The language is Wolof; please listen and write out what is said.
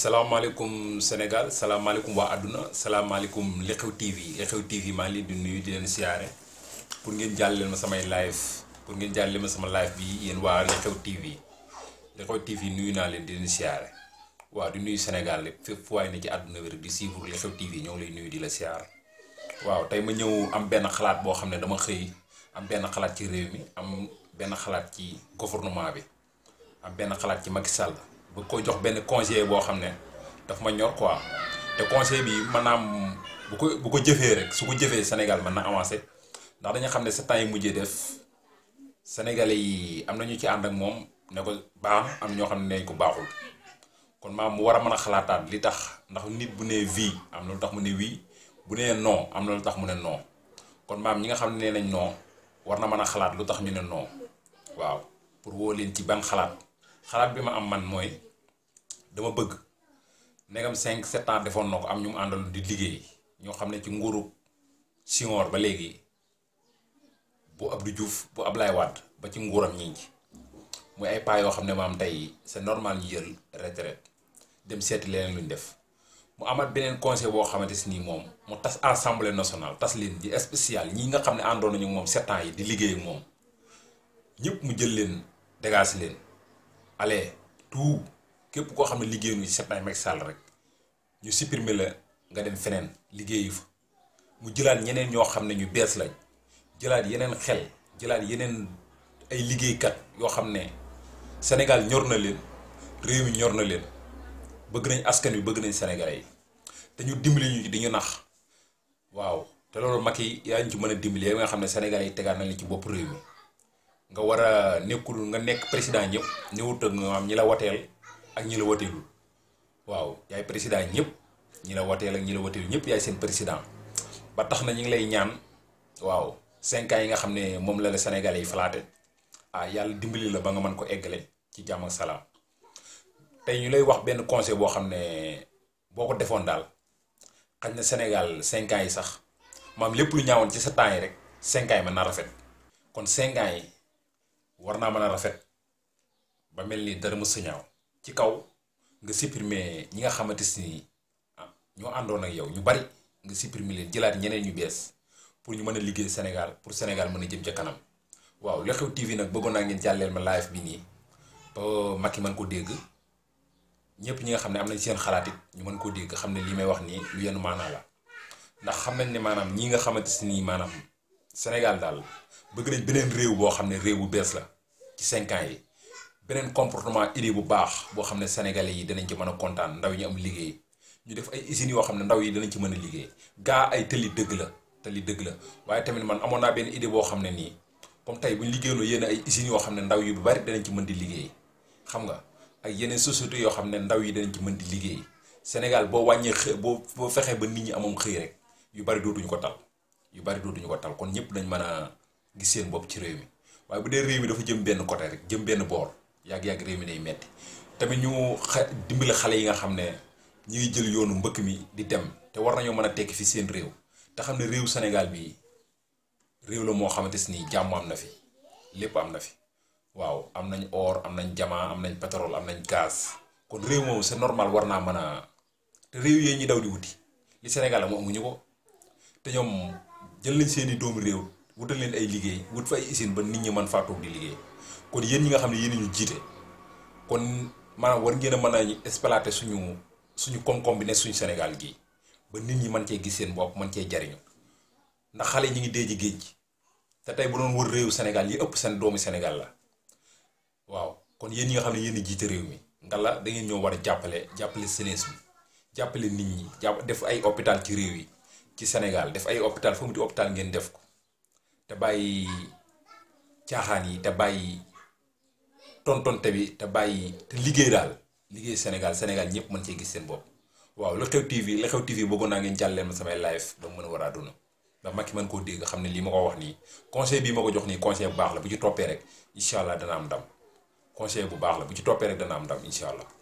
salaamaaleykum Sénégal salaamaaleykum waa àdduna salaamaaleykum li xew TV li xew TV maa ngi leen di nuyu di leen siyaare pour ngeen jàllale ma samay live pour ngeen jàllale ma sama live bi yéen waa li xew TV li xew TV nuyu naa leen di leen siyaare waa di nuyu Sénégal lépp fépp fu waay ne ci àdduna bi rek di suivre li xew TV ñëw ngi lay nuyu di la siyaar waaw tey ma ñëw am benn xalaat boo xam ne dama xëy am benn xalaat ci réew mi am benn xalaat ci gouvernement bi am benn xalaat ci Macky Sall bu ko jox benn conseiller boo xam ne daf ma ñor quoi te conseil bi maanaam bu ko bu ko jëfee rek su ko jëfee Sénégal man na avancé ndax dañu xam ne sa temps yi mujjee def Sénégalais yi am na ñu ci ànd ak moom ne ko baax am ñoo xam ne nañ ko baaxul kon maam mu war a mën a xalaataat li tax ndax nit bu nee vie am na lu mu ne wii bu nee non am na lu tax mu ne non kon maam ñi nga xam ne nee nañ war na mën a xalaat lu tax ñu ne non waaw pour woo leen ci ban xalaat. xalaat bi ma am man mooy dama bëgg ndegam cinq sept defoon na ko am ñu mu àndal di liggéey ñoo xam ne ci nguuru Senghor ba léegi bu Abdou Diouf bu Ablaye Wade ba ci nguuram ñi ci muy ay pas yoo xam ne maam tey c'est normal ñu jël retraite dem seeti leneen lu def mu amaat beneen conseil boo xamante si nii moom mu tas assemblée nationale tas leen di spécial ñi nga xam ne àndoon nañu moom sept yi di liggéey ak moom ñëpp mu jël leen dégage leen. ale tout képp koo xam ne liggéeyuñu ci septembre Macky Sall rek ñu supprimer la nga dem feneen liggéeyi fa mu jëlaat ñeneen ñoo xam ne ñu bees lañ jëlaat yeneen xel jëlaat yeneen ay liggéeykat yoo xam ne Sénégal ñor na leen réew mi ñor na leen bëgg nañ askan wi bëgg nañ senegal yi te ñu dimbali ñu di ñu nax waaw te loolu yi yaa ñu ci mën a dimbali yow nga xam ne senegal yi tegaat na la ci bopp réew mi. nga war a nekkul nga nekk président ñëpp ñëwut ak am ñi la wateel ak ñi la wateelul waaw yaay président ñëpp ñi la wateel ak ñi la wateel ñëpp yaay seen président ba tax na ñu ngi lay ñaan waaw cinq yi nga xam ne moom la la sénégal yi falaate ah yàlla dimbali la ba nga mën ko eggale ci jàmm ak salaam tey ñu lay wax benn conseil boo xam ne boo ko defoon daal xaj na Sénégal cinq yi sax maam lépp lu ñaawoon ci sa temps yi rek cinq ans yi mën rafet kon cinq yi war naa mën a rafet ba mel ni dara mu sañaaw ci kaw nga supprimer ñi nga xamante ni ah, ñoo àndoon ak yow ñu bari nga supprimer leen jëlaat ñeneen ñu bees pour ñu mën a liggéey Sénégal pour Sénégal mën a jëm ca kanam waaw Lu Xew TV nag bëggoon naa ngeen jàlleel ma live bi nii ba Macky man ko dégg ñëpp ñi nga xam ne am nañ seen xalaat it ñu mën koo dégg xam ne lii may wax nii lu yenn maanaa la ndax xam nañ ne maanaam ñi nga xamante nii maanaam. Sénégal daal bëgg nañ beneen réew boo xam ne réew bu bees la ci cinq yi beneen comportement idée bu baax boo xam ne sénégalais yi danañ ci mën a kontaan ndaw ñu am liggéey ñu def ay usines yoo xam ne ndaw yi danañ ci mën a liggéey gaa ay tëli dëgg la tëli dëgg la waaye tamit man amoon naa benn idée boo xam ne nii comme tey bu ñu liggéeyoonoo yéen ay yoo xam ne ndaw yu bari danañ ci mën di liggéey xam nga ak yeneen société yoo xam ne ndaw yi danañ ci mën di liggéey Sénégal boo wàññee xëy boo boo fexee ba nit ñi amoon xëy rek yu bari dootuñu ko tal yu bari dootuñu ko tal kon ñëpp dañ mën a gis seen bopp ci réew mi waaye bu dee réew mi dafa jëm benn côté rek jëm benn boor yàgg-yàgg réew mi day metti tamit ñu xa dimbali xale yi nga xam ne ñu ngi jël yoonu mbëkk mi di dem te war na nañoo mën a tekki fi seen réew te xam ne réew Sénégal bi réew la moo xamante si nii jàmm am na fi lépp am na fi waaw am nañ or am nañ jamaa am nañ pétrole am nañ gaz kon réew moom c'est normal war naa mën a te réew yooyu ñuy daw di wuti li Sénégal am amuñu ko te ñoom jël nañ seen i doomu réew wutal leen ay liggéey wut fa ay usine ba nit ñi mën faa toog di liggéey kon yéen ñi nga xam ne yéen ñu jiite kon maanaam war ngeen a mën a exploiter suñu suñu koom-koom bi ne suñu Sénégal gi ba nit ñi mën cee gis seen bopp mën cee jariñu ndax xale ñi ngi dee ji géej te tey bu doon wër réew Sénégal yi ëpp seen doomu Sénégal la waaw kon yéen ñi nga xam ne yéen jiite réew mi nga la da ngeen ñoo war a jàppale jàppale jeunesse bi jàppale nit ñi jàpp def ay hôpital ci réew yi. ci Sénégal def ay hôpital fu mu di hôpital ngeen def ko te bàyyi caaxaan yi te bàyyi tontonte bi te bàyyi te liggéey daal liggéey Sénégal Sénégal ñëpp mën cee gis seen bopp waaw Lu Xew TV Lu Xew TV bëggoon naa ngeen jàlleen ma samay live ba mu mën a war a dund ndax Macky mën koo dégg xam ne lii ma ko wax nii conseil bii ma ko jox nii conseil bu baax la bu ci toppee rek incha allah dana am ndam conseil bu baax la bu ci toppee rek dana am ndam incha allah.